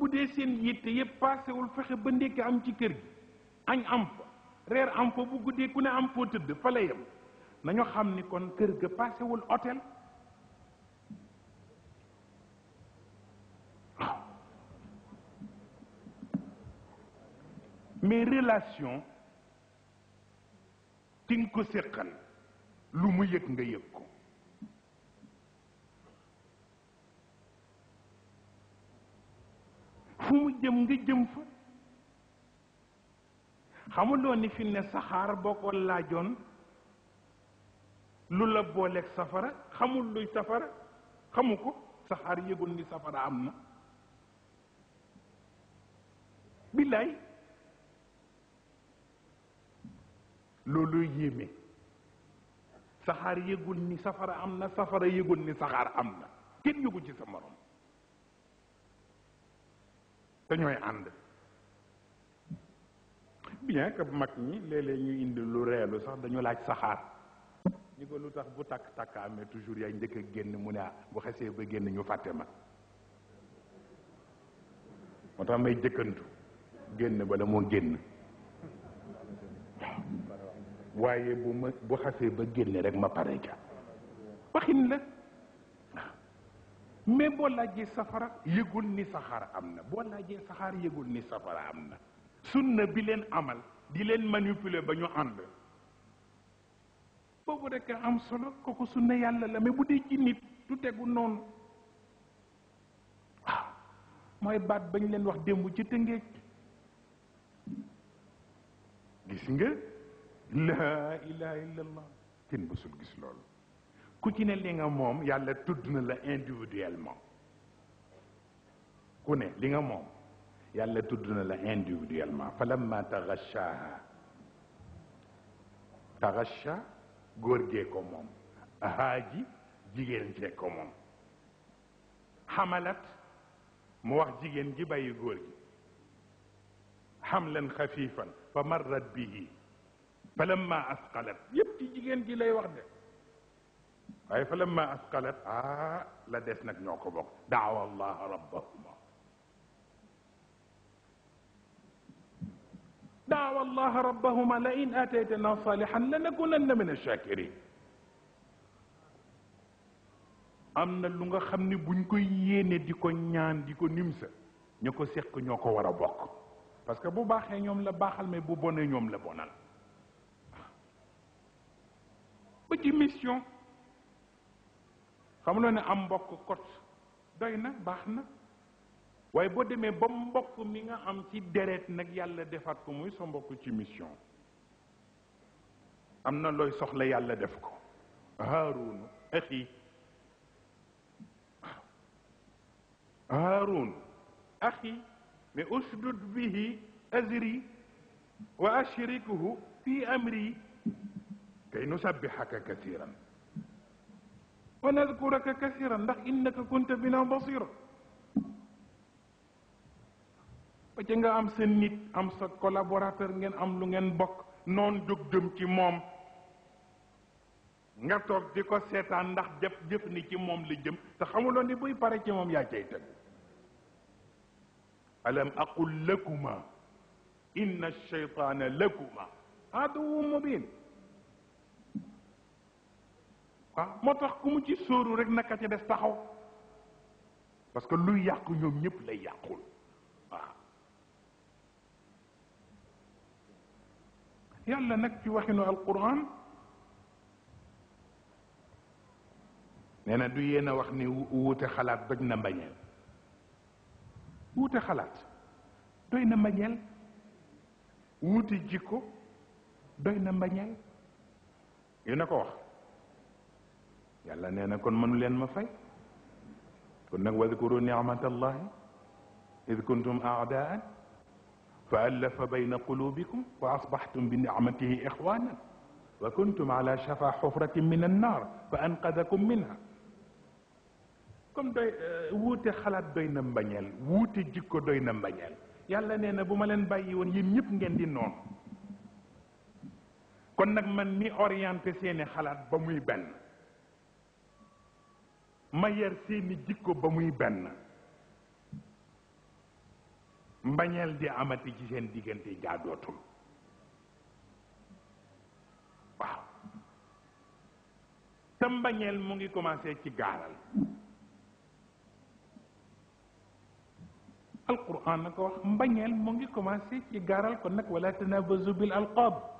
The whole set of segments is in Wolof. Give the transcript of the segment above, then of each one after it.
bu dee seen yitte yëpp paasewul fexe ba ndékki am ci kër gi añ am fa reer am fa bu guddee ku ne am foo tëdd fa la yem nañu xam ni kon kër ga paasewul hôtel mais relation ti nga ko séqal lu mu yëg nga yëg ko fu mu jëm nga jëm fa xamuloo ni fi ne saxaar boo ko laajoon lu la booleeg safara xamul luy safara xamu ko saxaar yëgul ni safara am na billaay loolu yéeme saxaar yëgul ni safara am na safara yëgul ni saxaar am na kenn yëgu ci sa morom te ñooy ànd bien que mak ni lélé ñu indi lu reelu sax dañu laaj saxar ñu ko lutax bu tak taka mais toujours yaay njëkk a génn mu ah, bu xesee ba génn ñu faté ma moo tax may jëkkantu génn la mo génn waaye bu ma bu xasse ba génn rek ma paré ca waxin la mais boo laajee safara yëgul ni saxaar am na boo laajee saxaar yëgul ni safara am na sunna bi leen amal di leen manipuler ba ñu ànd boobu rek am solo kooku sunna yàlla la mais bu dee ci nit du tegu noonu waaw ah, mooy baat bañ leen wax démb ci tëngéej gis nga laa ilaha illallah kenn mësul gis loolu ku ci ne li nga moom yàlla tudd na la individuellement ku ne li nga moom yàlla tudd na la individuellement fa lamma taxachaha taxacha góor gee ko moom haaji jigéen see ko moom xamalat mu wax jigéen gi bàyyi góor gi xamlan xafifan fa marrat bihi fa lamma asqalat yépp ci jigéen gi lay wax de waaye fa lamma asqalat ah la des nag ñoo ko bokk daawa allah rabbahuma daawa allah rabbahuma la in ataytana salihan lanakunanna min ash-shakirin am na lu nga xam ne buñ koy yéene di ko ñaan di ko nimsa ñu ko seq ñoo ko war a bokk parce que bu baaxee ñoom la baaxal mais bu bonee ñoom la bonal ba ci mission xam na ne am mbokk kot doy na baax na waaye boo demee ba mbokk mi nga am ci deret nag yàlla defaat ko muy sa mbokk ci mission am na looy soxla yàlla def ko haarunu axi هارون أخي لأشدد به أزري وأشركه في أمري كي نسبحك كثيرا wa nadkuraka kasira ndax innaka kunta bina basira ba ci nga am sa nit am sa collaborateur ngeen am lu ngeen bokk noon jóg jëm ci moom nga toog di ko seetaan ndax jëf jëf ni ci moom la jëm te xamuloo ni buy pare ci moom yaa cay teg alam aqul lakuma inna shaytaana lakuma aduwu mubin waaw moo ci sóoru rek naka ca des taxaw parce que luy yàqu ñoom ñëpp lay yàqul yàlla nag ci waxinu alquran nee du yéen a wax ni wuute xalaat doj na mbañeel wuute xalaat doy na mbañeel wuute jikko doy na mbañeel yu na wax يلا نانا كون منو لين ما فاي كون نك واذكروا نعمة الله إذ كنتم أعداء فألف بين قلوبكم وأصبحتم بنعمته إخوانا وكنتم على شفا حفرة من النار فأنقذكم منها كم دوي ووت خلات دوينا مبانيال ووت جيكو دوينا مبانيال يالا نينا بو مالين باي يون يم نيب نين دي نون كون نك من مي اورينتي سيني خلات باموي بن ma yar seeni jikko ba muy benn di amati ci seen diggante jaadootul waaw ta mbagnel mu ngi commencé ci garal alquran na wax mbagnel mu ngi commencé ci garal kon nak wala tanabuzu bil alqab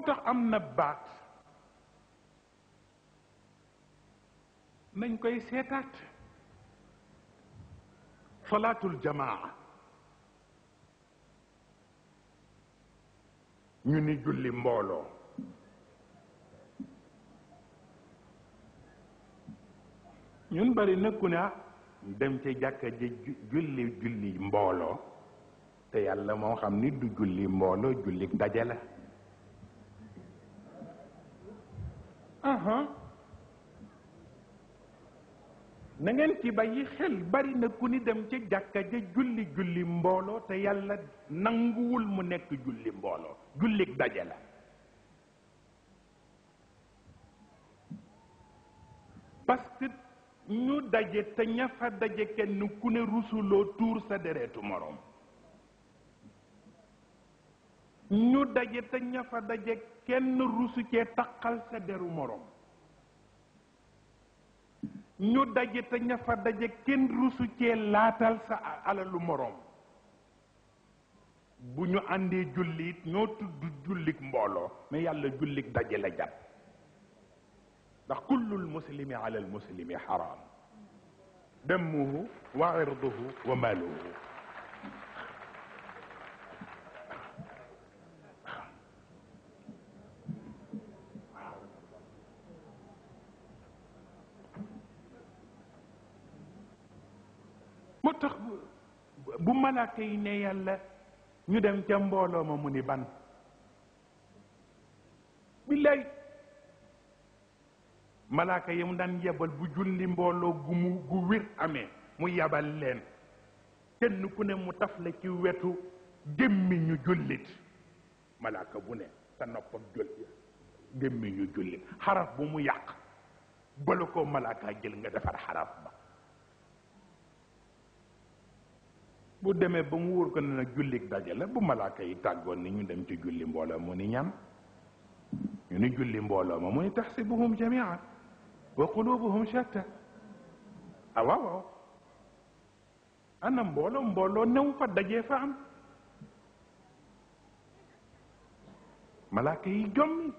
ba tax am na baat nañ koy seetaat salaatul jamaa ñu ni julli mbooloo ñun bari nëkku ne dem ci jàkka ji julli julli mbooloo te yàlla moo xam ni du julli mbooloo julli daje na ngeen ci bàyyi xel bari na ku ni dem ca jàkka ja julli julli mbooloo te yàlla nanguwul mu nekk julli mbooloo jullik daje la parce que ñu daje te ña fa daje kenn ku ne rusuloo tuur sa deretu moroom ñu daje te ña fa daje كن روسي كي تقل سدر مروم نيو داجي تا نيا فا داجي كن روسي كي لاتال سا على لو مروم بو نيو اندي جوليت نيو تود جوليك مبولو مي جاب دا كل المسلم على المسلم حرام دمه وعرضه وماله moo tax bu malaaka yi ne yàlla ñu dem ca mbooloo ma mu ni ban billaay malaaka yi mu daan yebal bu julli mbooloo gu mu gu wir amee mu yabal leen kenn ku ne mu taf la ci wetu gémmi ñu jullit malaaka bu ne sa nopp ak julli jullit xaraf bu mu yàq bala ko malaaka jël nga defar xaraf ba bu demee ba mu wóor ko ne nag jullik daje la bu malaaka yi tàggoon ni ñu dem ci julli mbooloo mu ni ñan ñu ni julli mbooloo ma mu ni taxsibuhum jamian wa qulubuhum shatta ah waaw ana mbooloo mbooloo new fa dajee fa am malaaka yi jommi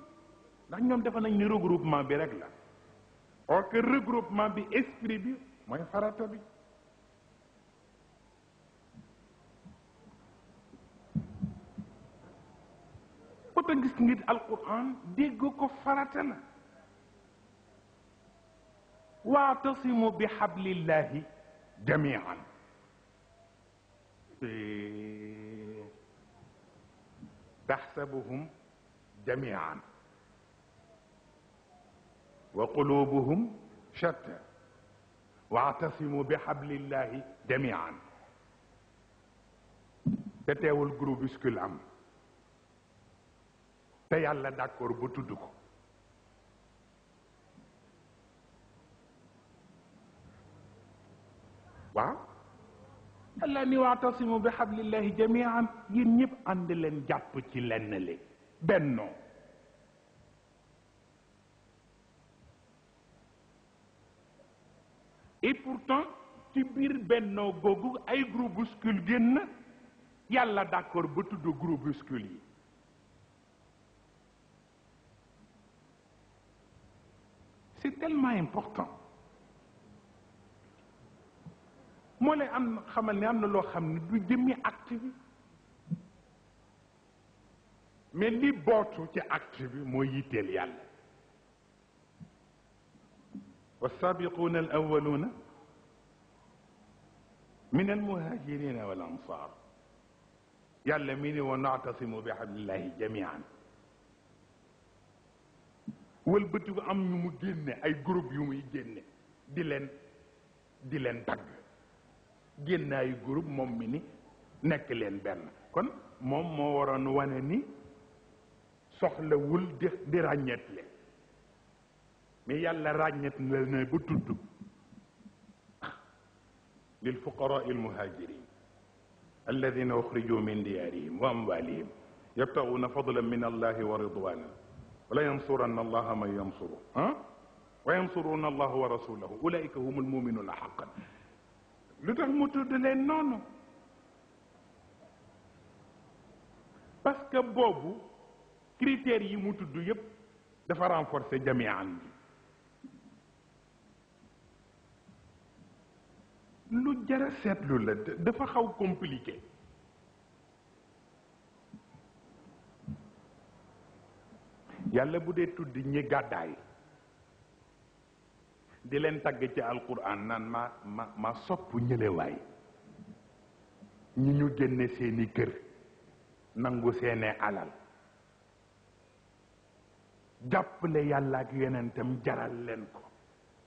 ndax ñoom defa nañ ni regroupement bi rek la or que regroupement bi esprit bi mooy farata bi nga gis nit alquran dégg ko farata la واعتصموا بحبل الله جميعا تحسبهم جميعا وقلوبهم شتى واعتصموا بحبل الله جميعا تتاول جروبسكل عمل te yàlla d'accord bu tudd ko waaw yàlla ni waatasimu bi xablillahi jamian yéen ñëpp ànd leen jàpp ci lenn li bennoo et pourtant ci biir bennoo googu ay groupuscule génn yàlla d'accord ba tudd groupuscule yi C'est tellement important Moi, lay am na xamal ne am na loo xam ne du jëmmi acte bi mais li bootu ci acte bi moo yitteel yàlla والسابقون الأولون من المهاجرين والأنصار يلا مين ونعتصم بحبل الله جميعاً wëlbati ko am ñu mu génne ay groupe yu muy génne di leen di leen tagg génne ay groupe moom mi ni nekk leen benn kon moom moo waroon wane ni soxlawul di di ràññetle mais yàlla ràññet la ne ba tudd lil fuqaraa al muhaajiriin alladina uxrijuu min diyaarihim wa amwaalihim yabtaxuuna fadlan min allahi wa ridwanan ولا ولينصرن الله من ينصره ها وينصرون الله ورسوله اولئك هم المؤمنون حقا لوتال موتو دلين نونو باسكو بوبو كريتير يي مو تودو ييب دا فا رانفورسي جميعا لو جرا سيتلو لا دا فا خاو كومبليكي yàlla bu dee tudd ñi gàddaay di leen tagg ci alquran naan ma ma ma sopp ñëlewaay ñi ñu génne seeni kër nangu seene alal jàppale yàlla ak jaral leen ko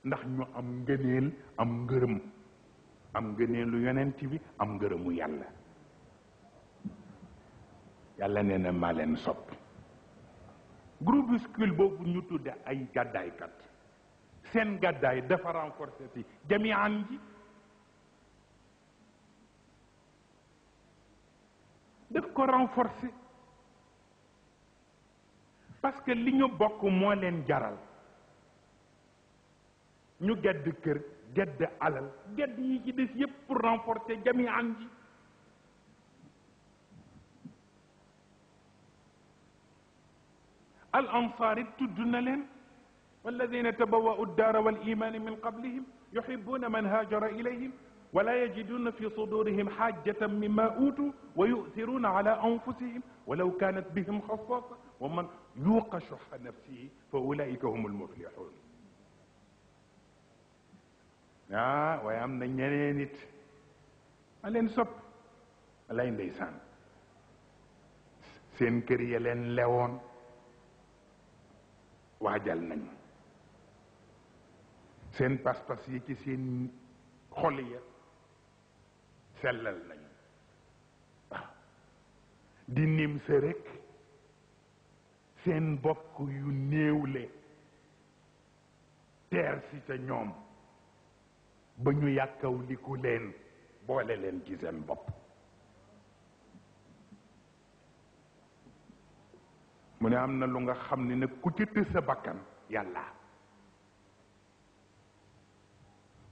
ndax ñu am ngëneel am ngërëm am ngëneelu yonent bi am ngërëmu yàlla yàlla nee na maa leen sopp groupuscule boobu ñu tudde ay gaday kat sen gaday dafa renforcer ci jami'an am ji daf ko renforcer parce que li ñu bokk mo len jaral ñu gedd kër gedd alal gedd yi ci dess yépp pour renforcer jami'an am ji الأنصار تدن لهم والذين تبوأوا الدار والإيمان من قبلهم يحبون من هاجر إليهم ولا يجدون في صدورهم حاجة مما أوتوا ويؤثرون على أنفسهم ولو كانت بهم خصاصة ومن يوق شح نفسه فأولئك هم المفلحون ويأمن waajal nañu seen pas-pas yi ci seen xol ya sellal nañu di nim sa rek seen bokk yu néewle teer si ca ñoom ba ñu yàkkaw liku leen boole leen ci seen bopp mu ne am na lu nga xam ne ku ci tës bakkan yàlla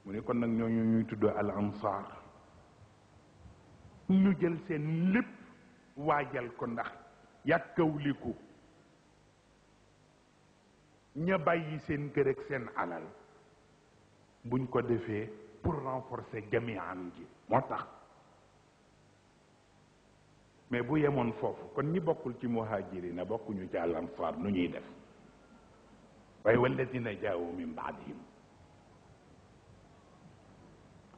mu ne kon nag ñooñu ñuy tudd al ansar ñu jël seen lépp waajal ko ndax yàkkawliku ña bàyyi seen kër ak seen alal buñ ko defee pour renforcer jamian ji moo mais bu yemoon foofu kon ñi bokkul ci muhajirina bokkuñu ci al ansaar nu ñuy def waaye walladina jaawu min baadihim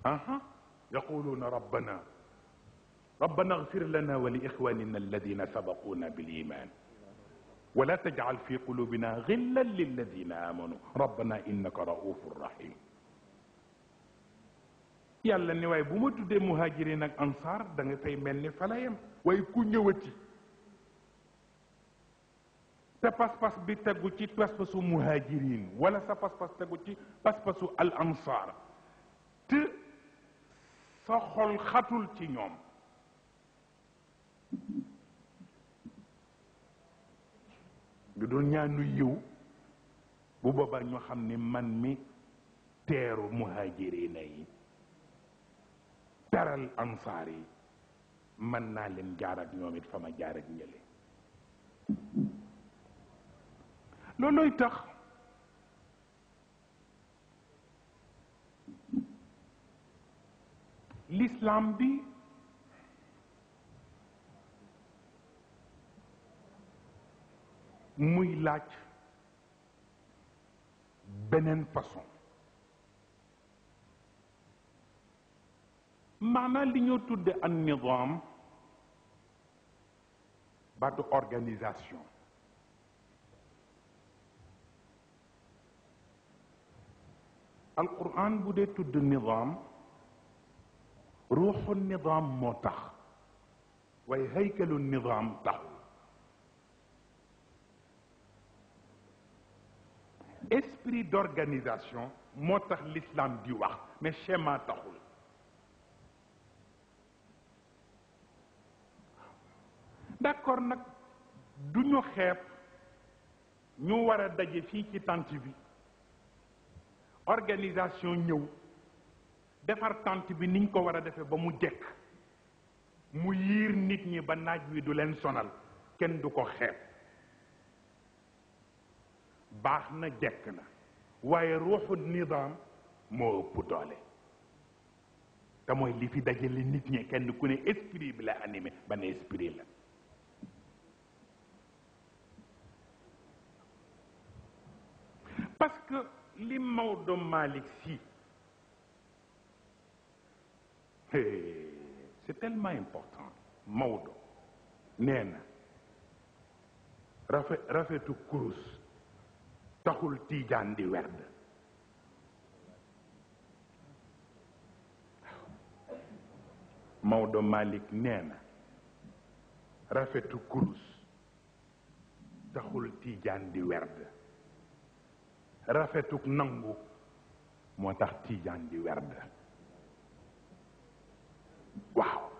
aha yaquluuna rabbana ربنا اغفر لنا ولإخواننا الذين سبقونا بالإيمان ولا تجعل في قلوبنا غلا للذين آمنوا ربنا إنك رؤوف رحيم yàlla ne waaye bu ma tuddee muhajirin ak ansaar da nga fay mel ni falayam ويكونيوتي تباس باس بيتاغوتي تباس باسو مهاجرين ولا تباس باس تاغوتي باس باسو الانصار تي نيوم دون يو بو بابا ньо خامني مان مي تيرو مهاجرين اي الانصاري mën naa leen jaar ak ñoom it fa ma jaar ak ñële loolooy tax l'islam bi muy laaj beneen façon maanaa li ñoo tudde an nizaam baatu organisation alquran bu dee tudd nizaam ruuxu nizaam moo tax waaye haykalu nizaam taxu esprit d'organisation moo tax l'islam di wax mais schéma taxul d'accord nag du ñu xeeb ñu war a daje fii ci tente bi organisation ñëw defar tànt bi niñ ko war a defee ba mu jekk mu yiir nit ñi ba naaj wi du leen sonal kenn du ko xeeb baax na jëkk na waaye ruuxu nidaam moo ëpp doole te mooy li fi dajale nit ñi kenn ku ne esprit bi la animé ban esprit la parce que li de Malik, si, c'est tellement important Maodo Nena, na rafet rafetu kurus de Verde. di werd Maodo Malick nee rafetu T'as taxul di rafetuk nangu motax tidian di werd waaw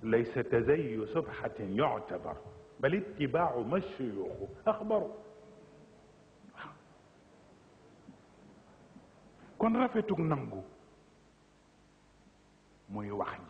ليس تزي صفحة يعتبر بل اتباع ما الشيوخ أخبروا كون رفتك نانغو موي واخجي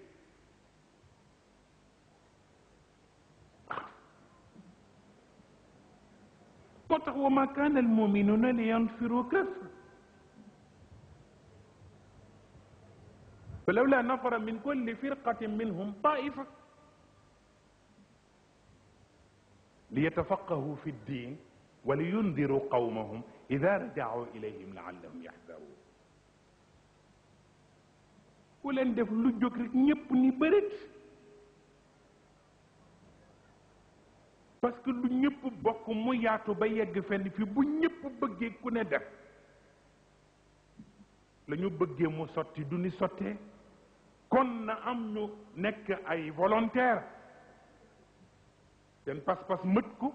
قطع وما كان المؤمنون لينفروا كفر فلولا نفر من كل فرقة منهم طائفة ليتفقهوا في الدين ولينذروا قومهم إذا رجعوا إليهم لعلهم يحذرون ولن def lu jóg rek parce que lu ñëpp bokk mu yaatu ba yegg fenn fi bu ñëpp bëggee ku ne def la bëggee mu sotti du ni sottee kon na am ñu nekk ay volontaire seen pas-pas mët ko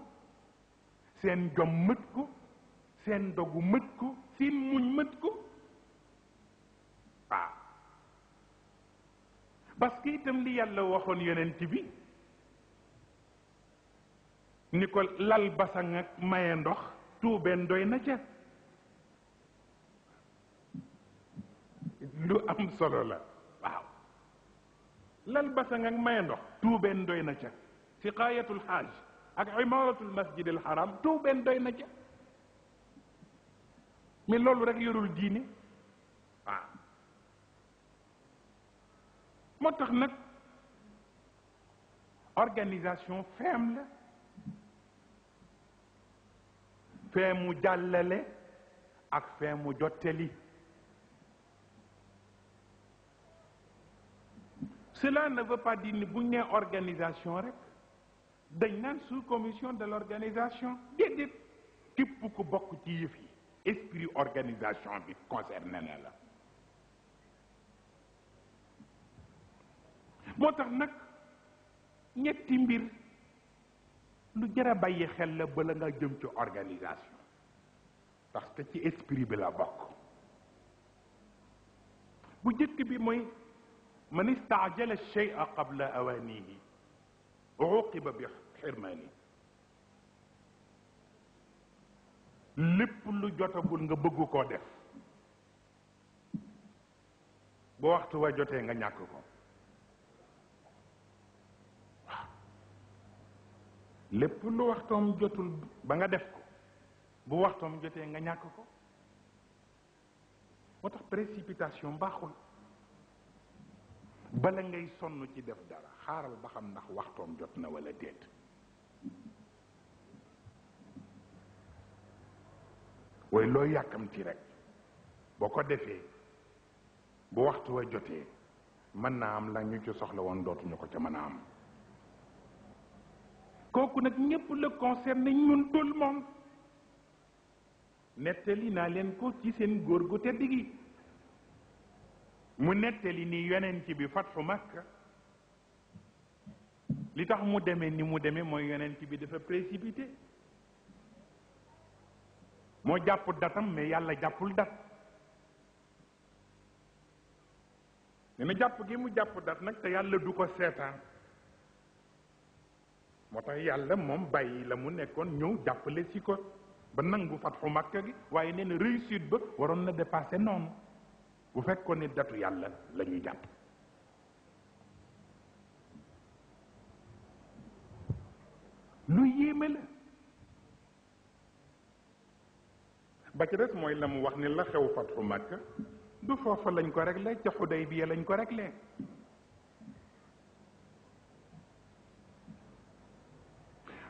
seen jom mët ko seen dogu mët ko seen muñ mët ko waaw itam li yàlla waxoon yonent bi ni ko lal basang ak maye ndox tuubeen doy na ca lu am solo la waaw lal basang ak maye ndox tuubeen doy na ca siqaayatul xaaj ak imaratul masjidil haram tuubeen doy na ca mais loolu rek yorul diine waaw moo tax nag organisation faible la Faire mu et ak fee jotteli cela ne veut pas dire ni buñ une organisation rek dañ une sous commission de l'organisation Il képp ku bok ci yef yi esprit organisation bi concerné na la motax nak ñetti lu jar a bàyyi xel la bala nga jëm ci organisation parce que ci esprit bi la bokk bu jëkk bi mooy man istaajala shay'a qabla awaanihi uqiba bi xirmaani lépp lu jotagul nga bëgg koo def ba waxtu wa jotee nga ñàkk ko lépp lu waxtoom jotul ba nga def ko bu waxtoom jotee nga ñàkk ko moo tax précipitation mbaaxul bala ngay sonn ci def dara xaaral ba xam ndax waxtoom jot na walla déet waaye loo yàkkamti rekk boo ko defee bu waxtu wa jotee mën naa am la ñu ci soxla woon dootuñu ko ca mën a am kooku nag ñépp la concerné ñun tout le monde nettali naa leen ko ci seen góor gu tedd gi mu nettali ni ci bi fatxu Makka li tax mu demee ni mu demee mooy ci bi dafa précipité moo jàpp datam mais yàlla jàppul dat ne na jàpp gi mu jàpp dat nag te yàlla du ko seetaan moo tax yàlla moom bàyyi la mu nekkoon ñëw jàppale si ko ba nangu fatxu Makka gi waaye nee na ba waroon na dépassé noonu bu fekkoon ne datu yàlla la ñuy jàpp lu yéeme la ba ci des mooy la mu wax ni la xew fatxu Makka du foofa lañ ko réglé ca Xudaybiya lañ ko réglé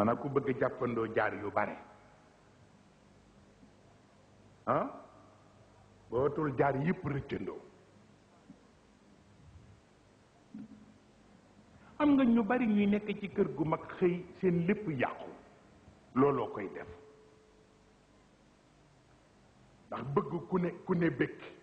maanaam ku bëgg jàppandoo jaar yu bare ah bootul jaar yëpp rëccandoo am nga ñu bari ñuy nekk ci kër gu mag xëy seen lépp yàqu looloo koy def ndax bëgg ku ne ku ne bëkk